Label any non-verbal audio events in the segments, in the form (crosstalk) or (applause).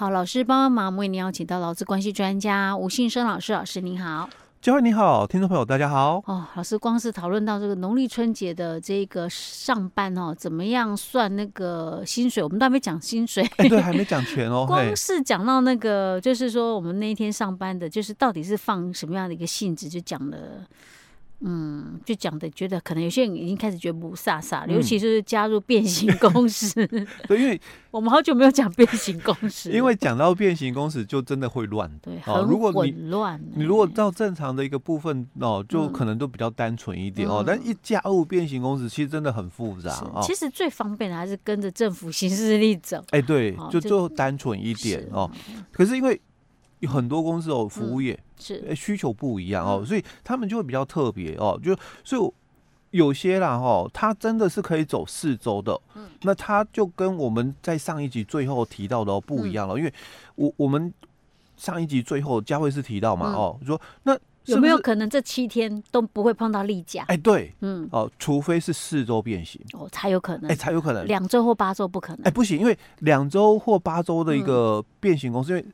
好，老師幫幫忙，為您邀請到勞資關係專家吳信生老師，老師您好，教委你好，聽眾朋友大家好。哦，老師，光是討論到這個農曆春節的這個上班哦，怎麼樣算那個薪水？我們都還沒講薪水。欸，對，還沒講全哦。光是講到那個，就是說我們那一天上班的，就是到底是放什麼樣的一個性質，就講了。嗯，就講的覺得可能有些人已經開始覺得霧煞煞，尤其是加入變形工時。 (laughs) 對，因為我們好久沒有講變形工時，因為講到變形工時就真的會亂，對亂，欸、哦，如果你亂，你如果到正常的一個部分哦，就可能都比較單純一點、嗯、哦。但一加入變形工時，其實真的很複雜是哦。其實最方便的還是跟着政府行事曆走。哎、欸，對，哦、就就單純一點是哦。可是因為。有很多公司哦，服務業、嗯、是、欸、需求不一樣哦，所以他們就會比較特別哦，就所以有些啦哈、哦，他真的是可以走四周的，嗯、那他就跟我們在上一集最後提到的，哦、不一樣了，嗯、因為我我們上一集最後佳慧是提到嘛哦，嗯、說那是不是有沒有可能這七天都不會碰到例假？哎，欸、對，嗯哦，除非是四周變形哦才有可能，哎、欸、才有可能兩周或八周不可能，哎、欸、不行，因為兩周或八周的一個變形公司，嗯、因為。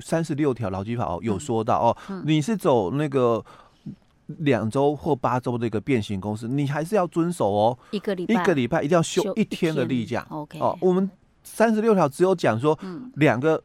三十六條勞基法有說到、嗯、哦，嗯、你是走那個兩周或八周的一個變形公司，你還是要遵守哦。一個禮一個禮拜一定要休一天的例假。Okay、哦，我們三十六條只有講說兩個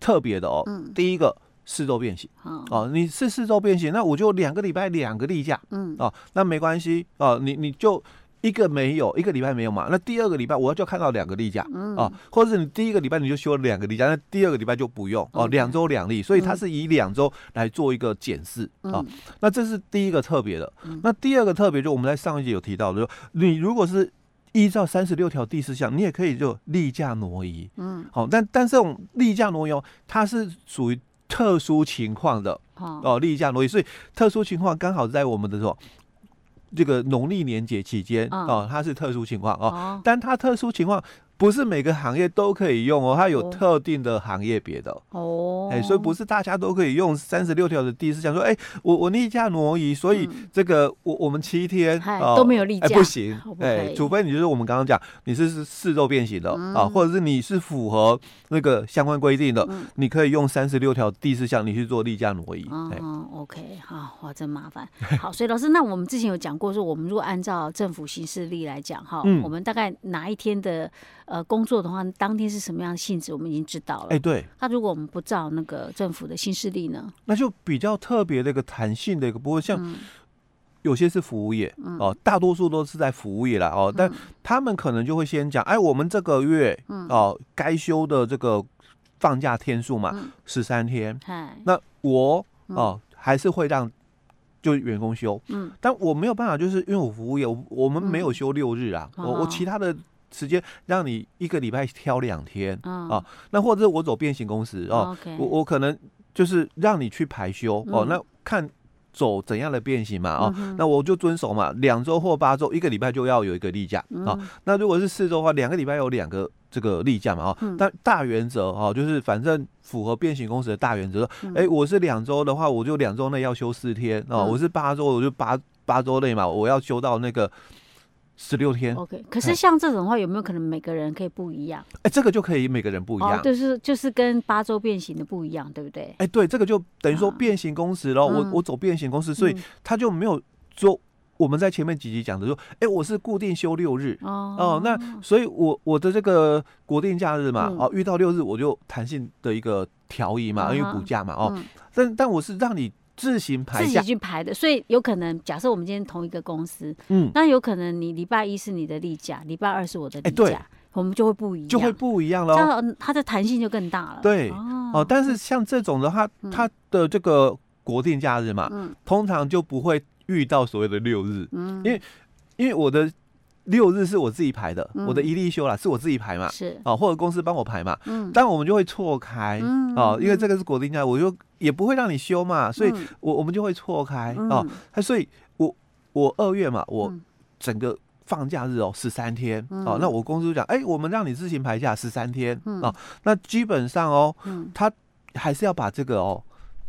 特別的哦，嗯、第一個四周變形。嗯、哦，你是四周變形，那我就兩個禮拜兩個例假。嗯，哦，那沒關係哦，你你就。一個沒有，一個禮拜沒有嘛？那第二個禮拜我就看到兩個例假、嗯、啊，或者是你第一個禮拜你就休了兩個例假，那第二個禮拜就不用哦，兩周兩例，所以它是以兩周來做一個檢視、嗯、啊。那這是第一個特別的。嗯、那第二個特別就我們在上一節有提到的，說、嗯、你如果是依照三十六條第四項，你也可以就例假挪移，嗯，好、啊，但但這種例假挪移、哦、它是屬於特殊情況的哦，例假、嗯啊、挪移，所以特殊情況剛好在我們的時候，這個農曆年節期間啊、嗯哦，它是特殊情況啊、哦，哦、但它特殊情況。不是每個行業都可以用哦，它有特定的行業別的哦，哎，所以不是大家都可以用三十六條的第四項說，哎，我我例假挪移，所以這個我我們七天都沒有例假，不行，哎，除非你就是我們剛剛講你是是四周變形的啊，或者是你是符合那個相關規定的，你可以用三十六條第四項你去做例假挪移。哦，OK，好，哇，真麻煩。好，所以老師，那我們之前有講過說，我們如果按照政府行事曆來講哈，嗯，我們大概哪一天的？呃，工作的話，當天是什麼樣的性質，我們已經知道了。哎，對。那如果我們不照那個政府的新勢力呢？那就比較特別的一個彈性的一個不過像有些是服務業哦，大多數都是在服務業啦哦，但他們可能就會先講，哎，我們這個月哦，該休的這個放假天數嘛，十三天。那我哦，還是會讓就是員工休，嗯，但我沒有辦法，就是因為我服務業，我們沒有休六日啊，我我其他的。直接讓你一個禮拜挑兩天、嗯、啊，那或者是我走變形工時哦，啊、okay, 我我可能就是讓你去排休哦，啊嗯、那看走怎樣的變形嘛啊，嗯、哼那我就遵守嘛，兩周或八周一個禮拜就要有一個例假、嗯、啊，那如果是四周的話，兩個禮拜有兩個這個例假嘛啊，嗯、但大原則啊，就是反正符合變形工時的大原則，哎、嗯欸，我是兩周的話，我就兩周內要休四天啊，嗯、我是八周，我就八八周內嘛，我要休到那個。十六天，OK。可是像這種話，有沒有可能每個人可以不一樣？哎、欸，這個就可以每個人不一樣，哦、就是就是跟八周變形的不一樣，對不對？哎、欸，對，這個就等於說變形工時，然後、啊嗯、我我走變形工時，所以他就沒有說我們在前面幾集講的說，哎、欸，我是固定休六日哦。呃、那所以我我的這個國定假日嘛，哦、嗯啊，遇到六日我就彈性的一個調移嘛，嗯、因為補假嘛，哦、啊。嗯、但但我是讓你。自行排自己去排的，所以有可能假設我們今天同一個公司，嗯，那有可能你禮拜一是你的例假，禮拜二是我的例假，欸對，我們就會不一樣，就會不一樣了，這樣它的彈性就更大了。對，哦，哦，但是像這種的話，它的這個國定假日嘛，嗯，通常就不會遇到所謂的六日，嗯，因為因為我的。六日是我自己排的，嗯、我的一例休啦，是我自己排嘛，是啊、哦，或者公司幫我排嘛，嗯、但我們就會錯開，嗯嗯、哦，因為這個是國定假，我就也不會讓你休嘛，所以我，我、嗯、我們就會錯開，哦，他、嗯，所以我我二月嘛，我整個放假日哦十三天，嗯、哦，那我公司就講，哎、欸，我們讓你自行排假十三天，嗯、哦，那基本上哦，他、嗯、還是要把這個哦。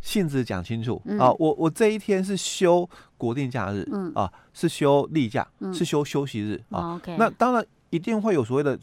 性質講清楚、嗯、啊！我我這一天是休國定假日、嗯、啊，是休例假，嗯、是休休息日啊。哦 okay、那當然一定會有所謂的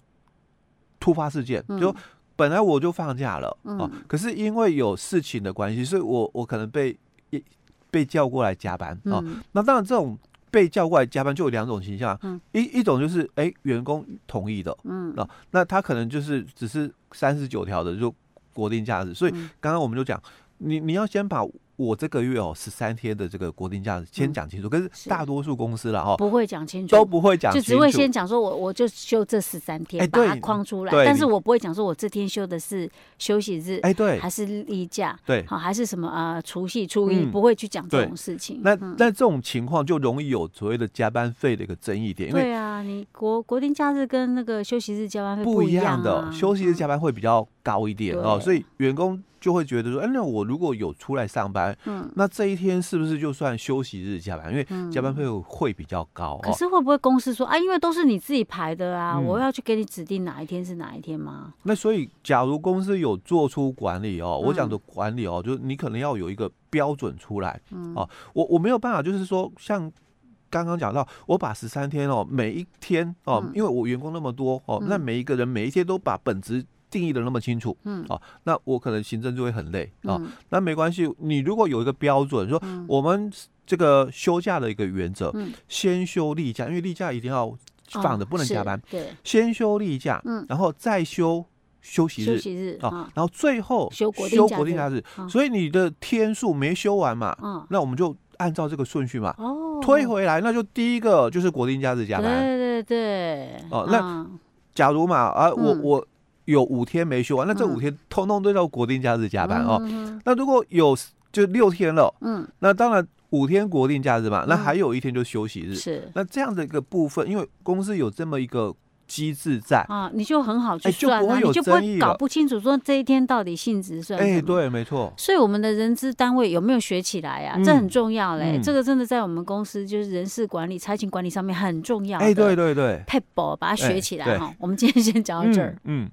突發事件，嗯、就本來我就放假了啊，嗯、可是因為有事情的關係，所以我我可能被被被叫過來加班啊。嗯、那當然這種被叫過來加班就有兩種形象，嗯、一一種就是哎、欸、員工同意的，嗯、啊，那他可能就是只是三十九條的就國定假日，所以剛剛我們就講。你你要先把我這個月哦十三天的這個國定假日先講清楚，可是大多數公司了哈不會講清楚，都不會講，就只會先講說，我我就休這十三天，把它框出來。但是我不會講說，我這天休的是休息日，哎對，還是例假，對，好還是什麼啊，除夕初一，不會去講這種事情。那那這種情況就容易有所謂的加班費的一個爭議點，對啊，你國國定假日跟那個休息日加班費不一樣的，休息日加班會比較高一點哦，所以員工，就會覺得說，哎、欸，那我如果有出來上班，嗯，那這一天是不是就算休息日加班？因為加班費會比較高。嗯哦、可是會不會公司說啊？因為都是你自己排的啊，嗯、我要去給你指定哪一天是哪一天嗎？那所以，假如公司有做出管理哦，嗯、我講的管理哦，就是你可能要有一個標準出來，嗯，哦、啊，我我沒有辦法，就是說像剛剛講到，我把十三天哦，每一天哦、啊，嗯、因為我員工那麼多哦，嗯、那每一個人每一天都把本職。定義的那麼清楚，那我可能行政就會很累。那沒關係，你如果有一個標準，說我們這個休假的一個原則，先休例假，因為例假一定要放的，不能加班，先休例假，然後再休休息日，休息日，然後最後休國定假日，所以你的天數沒休完嘛，那我們就按照這個順序嘛，推回來，那就第一個就是國定假日加班，對對對，哦，那假如嘛，啊，我我。有五天沒休完，那這五天通通都要國定假日加班哦。那如果有就六天了，嗯，那當然五天國定假日嘛，那還有一天就休息日。是，那這樣的一個部分，因為公司有這麼一個機制在啊，你就很好去算。那你就不搞不清楚說這一天到底性質算什麼。哎，對，沒錯。所以我們的人資單位有沒有學起來呀？這很重要嘞。這個真的在我們公司就是人事管理、差勤管理上面很重要。哎，對對對，撇步，把它學起來哈。我們今天先講到這兒，嗯。